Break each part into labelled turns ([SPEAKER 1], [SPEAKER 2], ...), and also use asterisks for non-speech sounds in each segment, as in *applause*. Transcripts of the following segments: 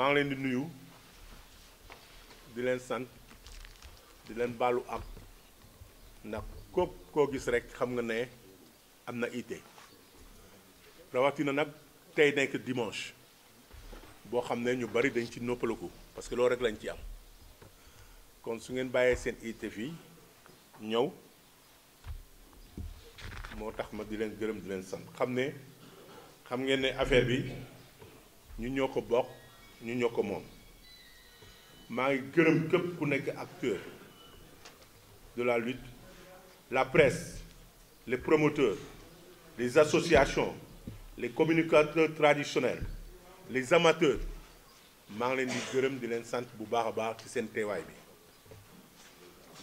[SPEAKER 1] maa ngi leen di nuyu di leen sant di leen baalu ak ndax képp koo gis rek xam nga ne am na ité rawatina nag tey nekk dimanche boo xam ne ñu bari dañ ci noppaleku parce que loolu rek lañ ci am kon su ngeen bàyyee seen ité fii ñëw moo tax ma di leen gërëm di leen sant xam ne xam ngeen ne affaire bi ñu ñoo ko bokk ñu ñoo ko moom maa ngi gërëm képp ku nekk acteur de la lutte la presse les promoteurs les associations les communicateurs traditionnels les amateurs maa ngi leen di gërëm di leen sant bu baax a baax ci seen teewaay bi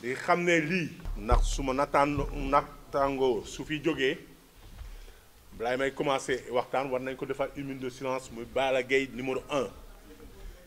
[SPEAKER 1] di xam ne lii ndax su ma nataan nattangoo su fi jógee balaa may commencé waxtaan war nañ ko defar une minute de silence muy Bala Gaye numéro un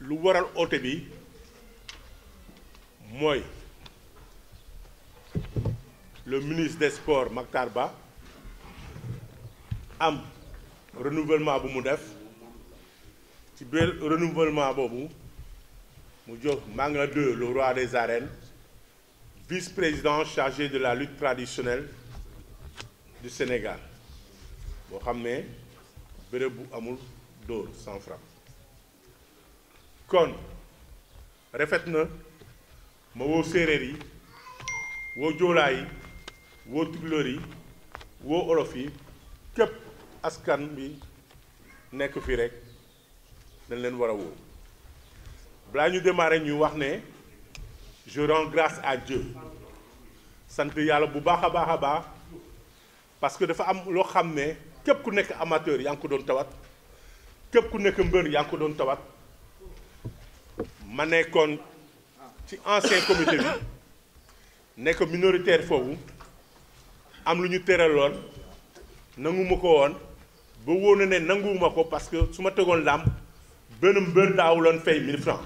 [SPEAKER 1] lu waral oté le ministre des sports maktarba am renouvellement bu mu renouvellement à mu jox Manga 2 le roi des arènes vice-président chargé de la lutte traditionnelle du Sénégal bo amul sans frappe kon refetna, na ma woo séeréer yi woo joolaa yi woo tukulóor yi woo olof askan bi nekk fi rek dañ leen war a woo balaa ñu wax ne je rends grâce à Dieu sant yàlla bu baax a baax a baax parce que dafa am loo xam ne ku nekk amateur yaa ngi ko doon tawat képp ku nekk mbër yaa ngi tawat ma suis ci ancien comité bi nekk minoritaire foofu am lu ñu nanguma ko ne parce que su ma l'a, benn mbër fay 1000 francs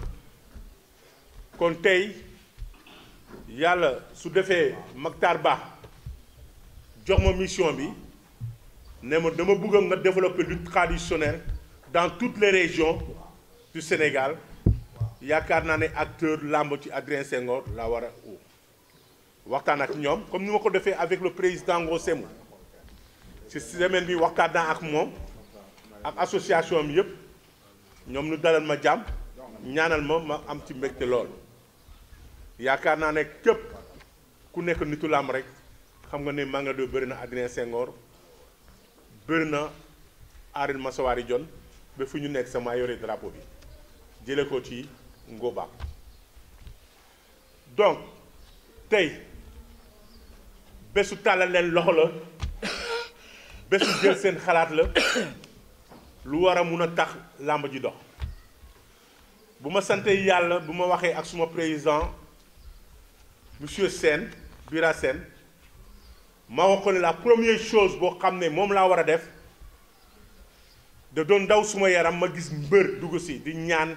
[SPEAKER 1] kon tey yàlla su defee Mactar Ba jox ma mission bi dama développer lutte traditionnelle dans toutes les régions du Sénégal yaakaar a ne acteur lamb ci Adrien Sengor la war a ak comme ni ko avec le président Semou ci semaine bi waxtaan naa ak moom ak association ñu dalal ma jàmm ñaanal ma ma am ci mbégte lool yaakaar naa ne képp ku nekk nitu lamb rek xam nga Adrien Senghor bëri na le ba fu ñu nekk Ngoba donc tay, bésu tàllal leen loxlo, la *coughs* bésu jël seen xalaat la *coughs* lu wara a tax làmb ji dox bu ma sante Yalla, bu ma ak suma président monsieur Sen, Bira Sen, ma wax la première chose bo xamné mom la wara def de don daw suma yaram ma gis mbeur dugusi si di ñaan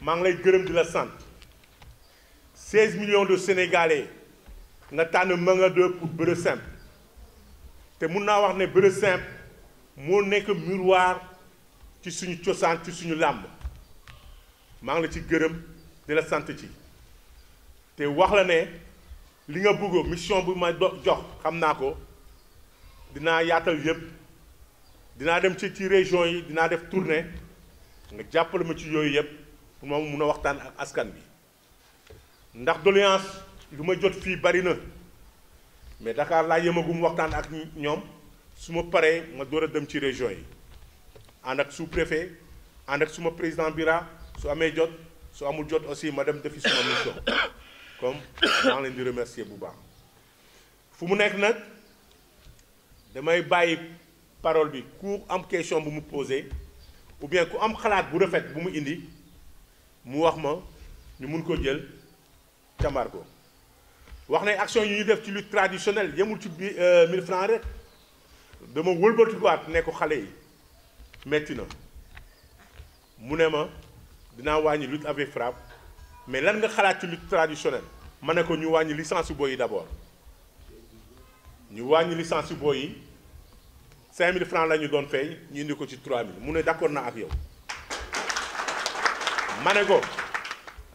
[SPEAKER 1] maa ngi lay gërëm di la sant 16 millions de sénégalais nga tànn Manga 2 pour bëre simple te mun naa wax ne bëre simple moo nekk miroir ci suñu cosaan ci suñu làmb maa ngi la ci gërëm di la sant ci te wax la ne li nga bëgg mission bi ma jox xam naa ko dinaa yaatal yëpp dinaa dem ci ci région yi dinaa def tournée nga jàppale ma ci yooyu yëpp. pour ma mun a waxtaan ak askan bi ndax doléance lu ma jot fi bari na mais Dakar laa yëmagum waxtaan ak ñom suma paré ma door dem ci région yi and ak sous-préfet and ak suma président bira su amé jot su amul jot aussi ma dem defi suma mission comme dans leen di remercier bu baax fu mu nekk nag damay bàyyi parole bi ku am question bu mu poser ou bien ku am xalaat bu refet bu mu indi mu wax ma ñu mun ko jël càmbar ko wax ne action yi ñu def ci lutte traditionnelle yemul ci 1000 euh, francs rek dama wëlbatikuwaat ne ko xale yi metti na mu ne ma dinaa wàññi lutte avec frappe mais lan nga xalaat ci lutte traditionnelle ma ne ko ñu wàññi licence boy booy yi d'abord ñu wàññi licence boy yi 5000 francs la ñu doon fay ñu indi ko ci 3000 mu ne d'accord na ak yow ma ne ko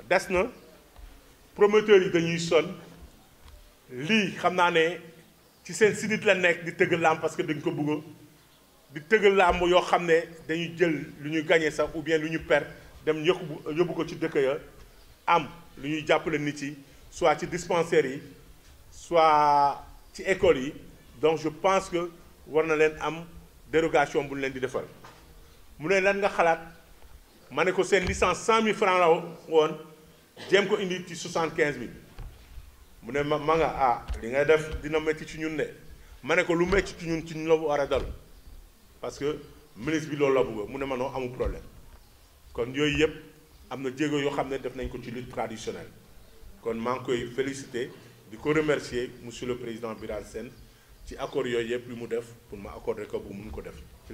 [SPEAKER 1] des na promoteur yi dañuy son li xamna né ci seen sidit la nek di tëgg làmb parce que dañ ko bëgg di tëgg làmb yo xamné dañuy jël lu ñu gagné sax ou bien lu ñu per dem yëkku yóbbu ko ci dëkk ya am lu ñuy jàppale nit ci soit ci dispensaire yi soit ci école yi donc je pense que war na leen am dérogation bu ñu leen di defal mu ne lan nga xalaat. Je ne ko licence licence 100 000 francs la suis ko indi ci soixante 000 ne ma nga ah, li def dina parce que ministre bi la je mu problème kon yooyu ne def nañ ko ci lutte traditionnelle kon féliciter di remercier monsieur le président Birane Sène ci accord yooyu yëpp pour m'accorder accorder ko bu mun ko def ci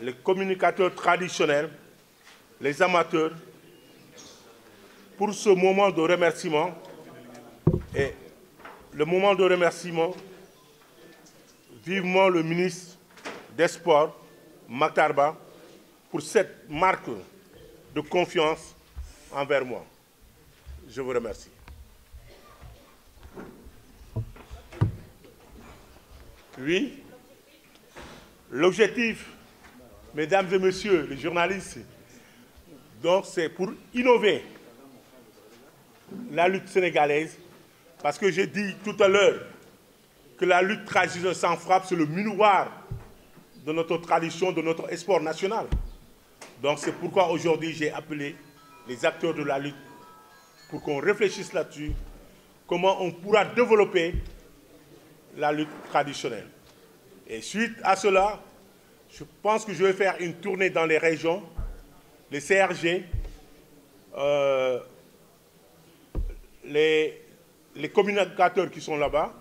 [SPEAKER 1] les communicateurs traditionnels, les amateurs, pour ce moment de remerciement. Et le moment de remerciement, vivement le ministre des Sports, Matarba, pour cette marque de confiance envers moi. Je vous remercie. Oui, l'objectif mesdames et messieurs les journalistes, donc c'est pour innover la lutte sénégalaise, parce que j'ai dit tout à l'heure que la lutte traditionnelle sans frappe, c'est le minoir de notre tradition, de notre espoir national. Donc c'est pourquoi aujourd'hui j'ai appelé les acteurs de la lutte pour qu'on réfléchisse là-dessus, comment on pourra développer la lutte traditionnelle. Et suite à cela, je pense que je vais faire une tournée dans les régions, les CRG, euh, les, communicateurs qui sont là-bas,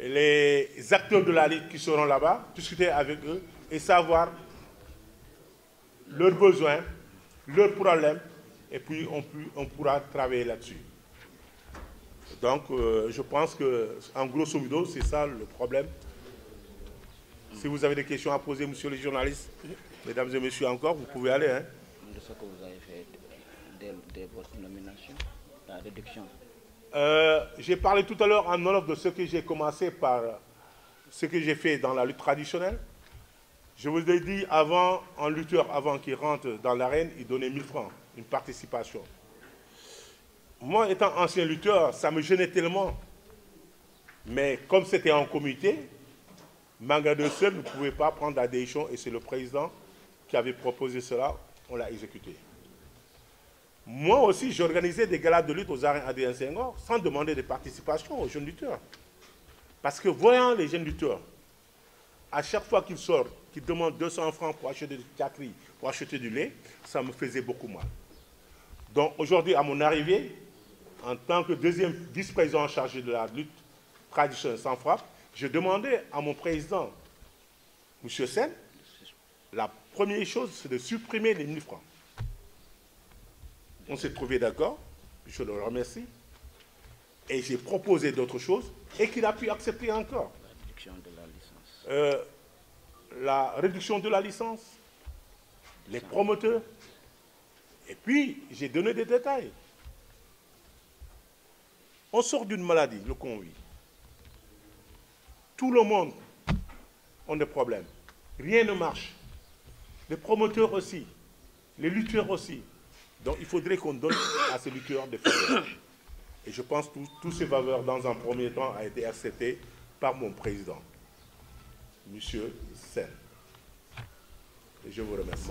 [SPEAKER 1] les acteurs de la Ligue qui seront là-bas, discuter avec eux et savoir leurs besoins, leurs problèmes, et puis on, on pourra travailler là-dessus. Donc, euh, je pense que, en grosso modo, c'est ça le problème si vous avez des questions à poser, monsieur le journaliste, mesdames et messieurs encore, vous pouvez aller. Hein.
[SPEAKER 2] De ce que vous avez fait de votre nomination, la réduction
[SPEAKER 1] euh, J'ai parlé tout à l'heure en off de ce que j'ai commencé par ce que j'ai fait dans la lutte traditionnelle. Je vous ai dit avant, un lutteur, avant qu'il rentre dans l'arène, il donnait 1000 francs, une participation. Moi, étant ancien lutteur, ça me gênait tellement. Mais comme c'était en comité, de seul ne pouvait pas prendre la et c'est le président qui avait proposé cela, on l'a exécuté. Moi aussi, j'organisais des galas de lutte aux arènes ADN Senghor sans demander de participation aux jeunes lutteurs. Parce que voyant les jeunes lutteurs, à chaque fois qu'ils sortent, qu'ils demandent 200 francs pour acheter du cacri, pour acheter du lait, ça me faisait beaucoup mal. Donc aujourd'hui, à mon arrivée, en tant que deuxième vice-président chargé de la lutte traditionnelle sans frappe, je demandais à mon président, M. Sen, la première chose, c'est de supprimer les 1000 francs. On s'est trouvé d'accord, je le remercie, et j'ai proposé d'autres choses, et qu'il a pu accepter encore. La réduction de la licence. la réduction de la licence, les promoteurs, et puis j'ai donné des détails. On sort d'une maladie, le oui. Tout le monde a des problèmes. Rien ne marche. Les promoteurs aussi, les lutteurs aussi. Donc il faudrait qu'on donne à ces lutteurs des faveurs. Et je pense que tous ces faveurs, dans un premier temps, ont été acceptées par mon président, M. Sen. je vous remercie.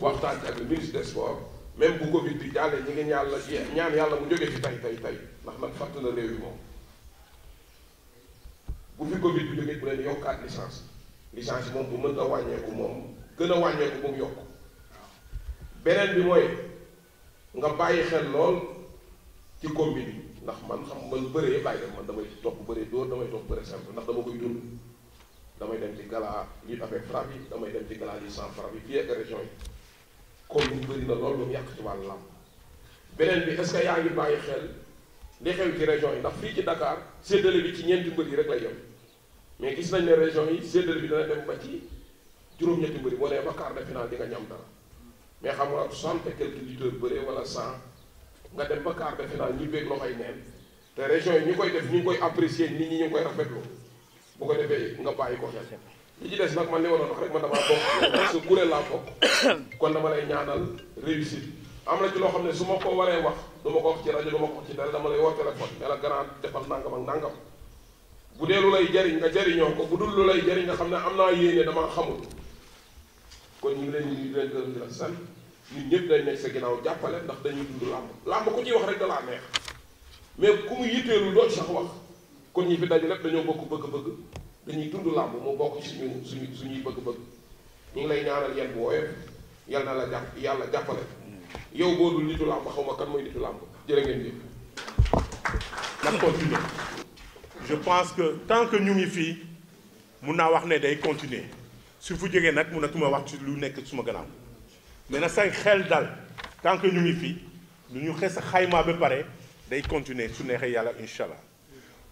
[SPEAKER 2] waxtaan ci ak le ministre des sports même bu Covid bi jàllee ñi ngi ñaan la ñaan yàlla mu jógee ci tey tey tey ndax nag fàtt na réew yi moom bu fi Covid bi jógee bu leen yokkaat licence licence moom bu mën a wàññeeku moom gën a wàññeeku bu mu yokk beneen bi mooy nga bàyyi xel lool ci combine yi ndax man xam man bëree bàyyi man damay topp bëree dóor damay topp par simple ndax dama koy dund damay dem ci gala lutte avec frappe yi damay dem ci gala yi sans frappe yi fii ak région yi comme ñu bëri na loolu lu yàq ci wàllu làmb beneen bi est-ce que yaa ngi bàyyi xel li xew ci région yi ndax fii ci Dakar séddale bi ci ñeenti mbër yi rek lay yem mais gis nañ ne région yi séddale bi dana dem ba ci juróom-ñetti mbër yi boo dee ba quart de finale di nga ñam dara mais xam nga soixante et quelques litres bëree wala cent nga dem ba quart de finale ñu beeg loxoy neen te région yi ñu koy def ñu ngi koy apprécier nit ñi ñu ngi koy rafetlu boo ko defee nga bàyyi ko xel li ci des nag man li ma doon wax rek man damaa bokk *coughs* kon dama lay ñaanal réussite am na ci loo xam ne su ma ko waree wax du ma ko wax ci rajo du ma ko wax ci dara dama lay woo téléphone ne la grand defal nangam ak nangam bu dee jariñ nga jariñoo ko bu dul lu lay nga xam ne am naa yéene damaa xamul kon ñu ngi leen ñu leen gërëm di la sant ñun ñëpp dañ nekk sa ginnaaw jàppale ndax dañuy dund làmb làmb ku ciy wax rek da laa neex mais ku mu yitteelu doo sax wax kon ñi fi daje lépp dañoo bokk bëgg-bëgg dañuy dund làmb mu bokk ci suñu suñu suñuy bëgg-bëgg ñu ngi lay ñaanal yan bu woyof yal na la jàpp yàlla jàppale yow boo dul nitu làmb xaw ma kan mooy nitu làmb jërë ngeen jëf nag continuer je pense que tant que ñu ngi fii mun
[SPEAKER 1] naa wax ne day continuer su fu jógee nag tuma wax ci lu nekk suma gannaaw mais na say xel dal tant que ñu ngi fii lu ñu xes xaymaa ba pare day continuer su neexee yàlla incha allah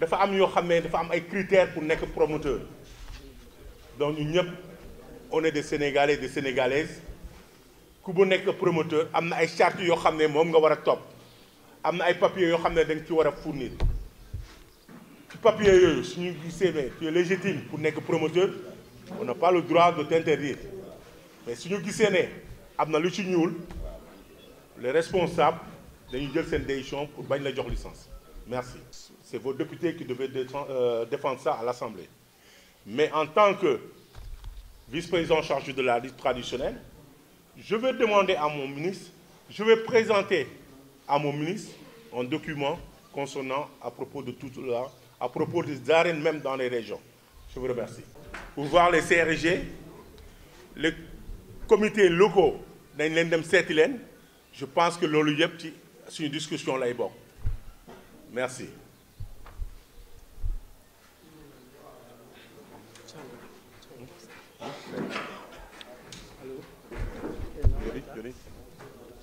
[SPEAKER 1] dafa am yoo xam ne dafa am ay critères pour nekk promoteur donc ñu ñëpp on est des sénégalais des sénégalaises ku bu nekk promoteur am na ay chartes yoo xam ne moom nga war a topp am na ay papiers yoo xam ne da ci war a fournir ci papier yooyu suñu gisee ne tu es légitime pour nekk promoteur on n'a pas le droit de t'interdire mais suñu gisee ne am na lu ci ñuul les responsables dañu jël seen décision pour bañ la jox licence merci c'est vos députés qui devaient euh, défendre ça à l'Assemblée. Mais en tant que vice-président chargé de la liste traditionnelle, je vais demander à mon ministre, je vais présenter à mon ministre un document concernant à propos de tout cela, à propos des arènes même dans les régions. Je vous remercie. Pour voir les CRG, les comités locaux je pense que loolu c'est une discussion là bas merci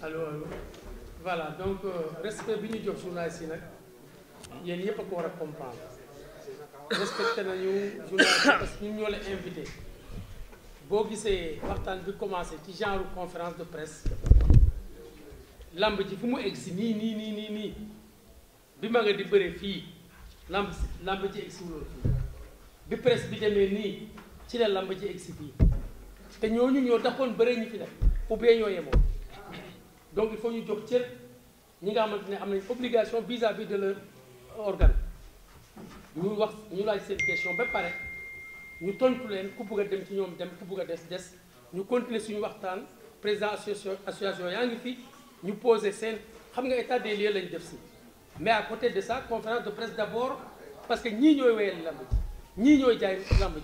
[SPEAKER 3] Allô. Allô. voilà donc euh, respect bi journaliste ko wara comprendre respecté nañu journaliste parce que ñun invité Bo genre conférence de presse lamb ci fu mu ni, ni, ni, ni, ni. bi ma nga di lamb presse ci la làmb ji egsi fii te ñooñu ñoo taxoon bëre ñi fi def ou bien ñoo yemoo donc il faut ñu jox cër ñi nga xamante ne am nañ obligation vis-à-vis de leur organe ñu wax ñu laaj seen question ba pare ñu tontu leen ku bugg a dem ci ñoom dem ku bugg a des des ñu continuer suñu waxtaan président association yaa ngi fi ñu poser seen xam nga état des lieux lañ def si mais à côté de ça conférence de presse d'abord parce que ñii ñooy wéyal lamb ji ñii ñooy jaay lamb ji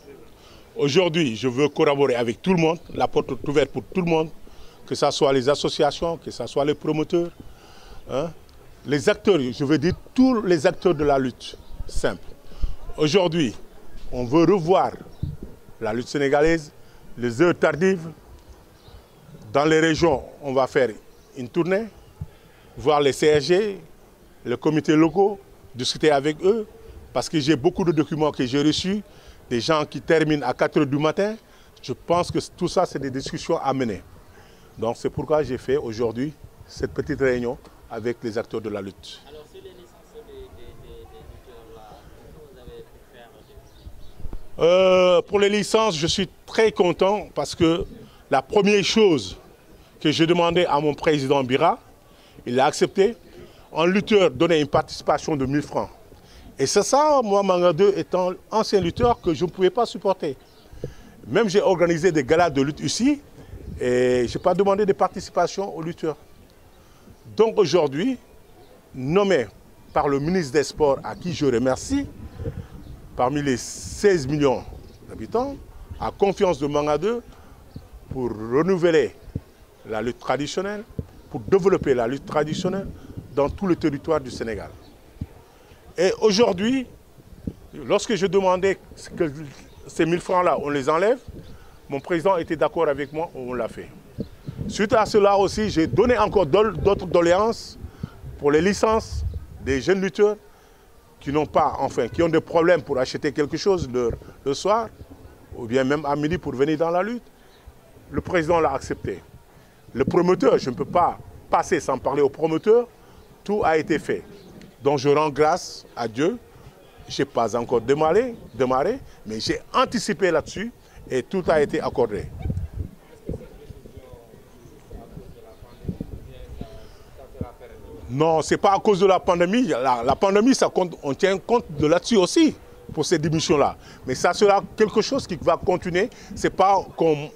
[SPEAKER 1] Aujourd'hui, je veux collaborer avec tout le monde, la porte est ouverte pour tout le monde, que ce soit les associations, que ce soit les promoteurs, hein. les acteurs, je veux dire tous les acteurs de la lutte, simple. Aujourd'hui, on veut revoir la lutte sénégalaise, les heures tardives. Dans les régions, on va faire une tournée, voir les CRG, les comités locaux, discuter avec eux, parce que j'ai beaucoup de documents que j'ai reçus des gens qui terminent à 4 h du matin. Je pense que tout ça, c'est des discussions à mener. Donc c'est pourquoi j'ai fait aujourd'hui cette petite réunion avec les acteurs de la lutte.
[SPEAKER 3] Alors sur les licences des, lutteurs,
[SPEAKER 1] vous avez euh, Pour les licences, je suis très content parce que la première chose que j'ai demandé à mon président Bira, il a accepté. en lutteur donner une participation de 1000 francs. Et c'est ça, moi, Mangado, étant ancien lutteur, que je ne pouvais pas supporter. Même j'ai organisé des galas de lutte ici, et je n'ai pas demandé de participation aux lutteurs. Donc aujourd'hui, nommé par le ministre des Sports, à qui je remercie, parmi les 16 millions d'habitants, à confiance de Mangado pour renouveler la lutte traditionnelle, pour développer la lutte traditionnelle dans tout le territoire du Sénégal. Et aujourd'hui, lorsque je demandais que ces 1000 francs-là, on les enlève, mon président était d'accord avec moi, on l'a fait. Suite à cela aussi, j'ai donné encore d'autres doléances pour les licences des jeunes lutteurs qui n'ont pas, enfin, qui ont des problèmes pour acheter quelque chose le, le soir, ou bien même à midi pour venir dans la lutte. Le président l'a accepté. Le promoteur, je ne peux pas passer sans parler au promoteur, tout a été fait. Donc je rends grâce à Dieu. Je n'ai pas encore démarré, démarré mais j'ai anticipé là-dessus et tout a été accordé. Non, ce n'est pas à cause de la pandémie. La, pandémie, on tient compte de là-dessus aussi, pour ces démissions-là. Mais ça sera quelque chose qui va continuer. Ce n'est pas qu'on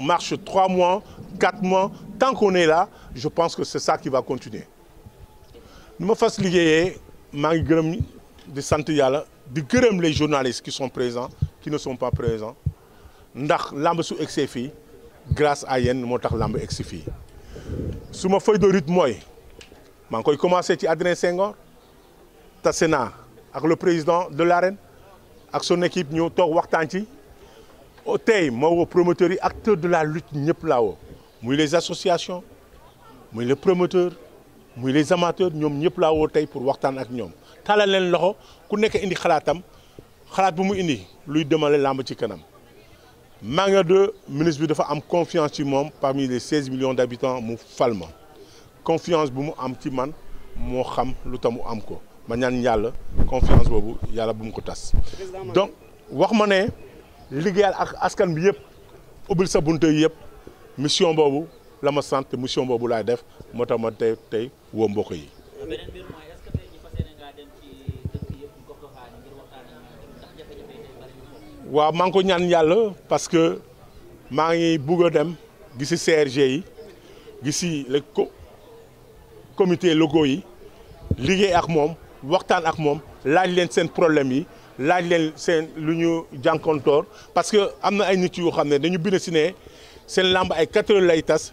[SPEAKER 1] marche trois mois, quatre mois. Tant qu'on est là, je pense que c'est ça qui va continuer. Nous ma les journalistes qui sont présents qui ne sont pas présents ndax grâce à Yen, je suis feuille de route je commence koy ci Adrien Senghor Sénat, le président de l'arène ak son équipe ci oh, promoteur de la lutte les associations les promoteurs les amateurs ñom ñëpp la wo tay pour waxtaan ak ñom taalal loxo ku nekk indi xalaatam xalaat bu mu indi luy demale lamb ci kanam Manga de ministre bi dafa am confiance ci mom parmi les 16 millions d'habitants mu Falma. confiance bu mu am ci man mo xam lu am ko ma ñaan confiance bobu yalla bu mu ko donc wax ma ne ak askan bi sa bunte mission la ma sant mission boobu laay def moo tax ma tey tey woo mbokk yi. waaw maa ngi ko ñaan yalla parce que ma ngi bugg dem gisi CRG yi gisi le co comité logo yi liggé ak mom waxtaan ak mom laaj leen seen problème yi laaj leen seen lu ñu jànkontoor parce que am na ay nit yoo xam ne dañu bind si ne seen lamb ay quatre heures lay tas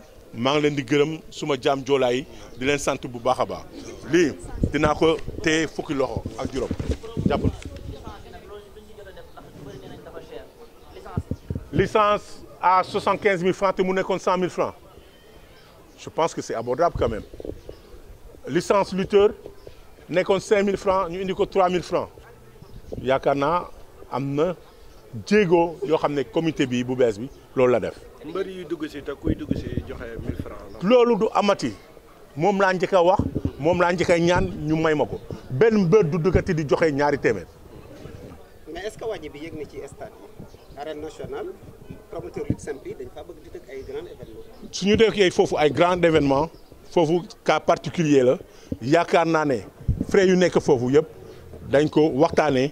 [SPEAKER 1] mang leen di gërëm suma jaam joolaa yi di leen sant bu baax a baax ko fukki loxo ak licence à 75 000 francs te mu nekkoon 100 000 francs je pense que c'est abordable quand même licence lutteur nekkoon 5 000 francs ñu indi ko 3 000 francs Il y a un jéego yoo xam comité bi bu loolu la def.
[SPEAKER 2] mbër yuy dugg si te kuy dugg si joxe 1000 francs
[SPEAKER 1] loolu du amati moom laa njëkk a wax moom laa njëkk a ñaan ñu may ma ko benn mbër du dugati di joxe ñaari téeméer.
[SPEAKER 2] mais est-ce que wàññi bi yëg na ci stade yi. arène nationale promoteur lutte simple dañ fa bëgg di dëkk
[SPEAKER 3] ay grand événement.
[SPEAKER 1] su ñu dëkkee foofu ay grand événement foofu cas particulier la yaakaar naa ne frais yu nekk foofu yëpp dañ ko waxtaanee.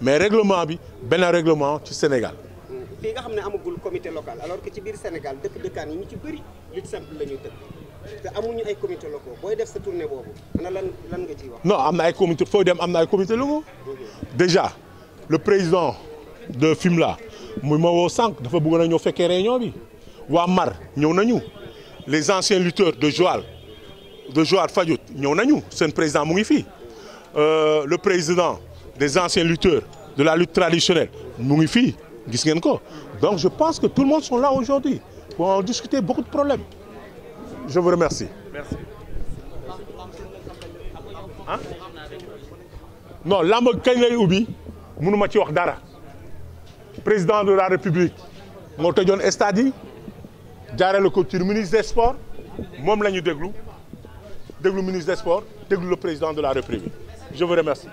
[SPEAKER 1] mais règlement bi le règlement ci Sénégal.
[SPEAKER 2] qu'il nga a pas amagul comité local alors que ci biir Sénégal dëkk dëkkaan yi ñu ci bëri lutte simple la ñuy tëgg te amuñu ay comité local. booy def sa tournée boobu ana lan lan nga ciy wax. non
[SPEAKER 1] am na ay comité foo dem am ay comité locaux déjà le président de FIMLA mu ma woo dafa bëggoon a ñëw fekkee réunion bi waa Mar ñëw nañu les anciens lutteurs de Joal de Joal Fadiouth ñëw C'est le président mu ngi euh, le président des anciens lutteurs, de la lutte traditionnelle, sommes Gisgenko. Donc je pense que tout le monde sont là aujourd'hui pour en discuter beaucoup de problèmes. Je vous remercie.
[SPEAKER 3] Merci. Hein?
[SPEAKER 1] Non, lamb kañ lay président de la république Montejon Estadi, stade le ministre des sports Mom Deglou, Deglou ministre des sports déglu le président de la république je vous remercie.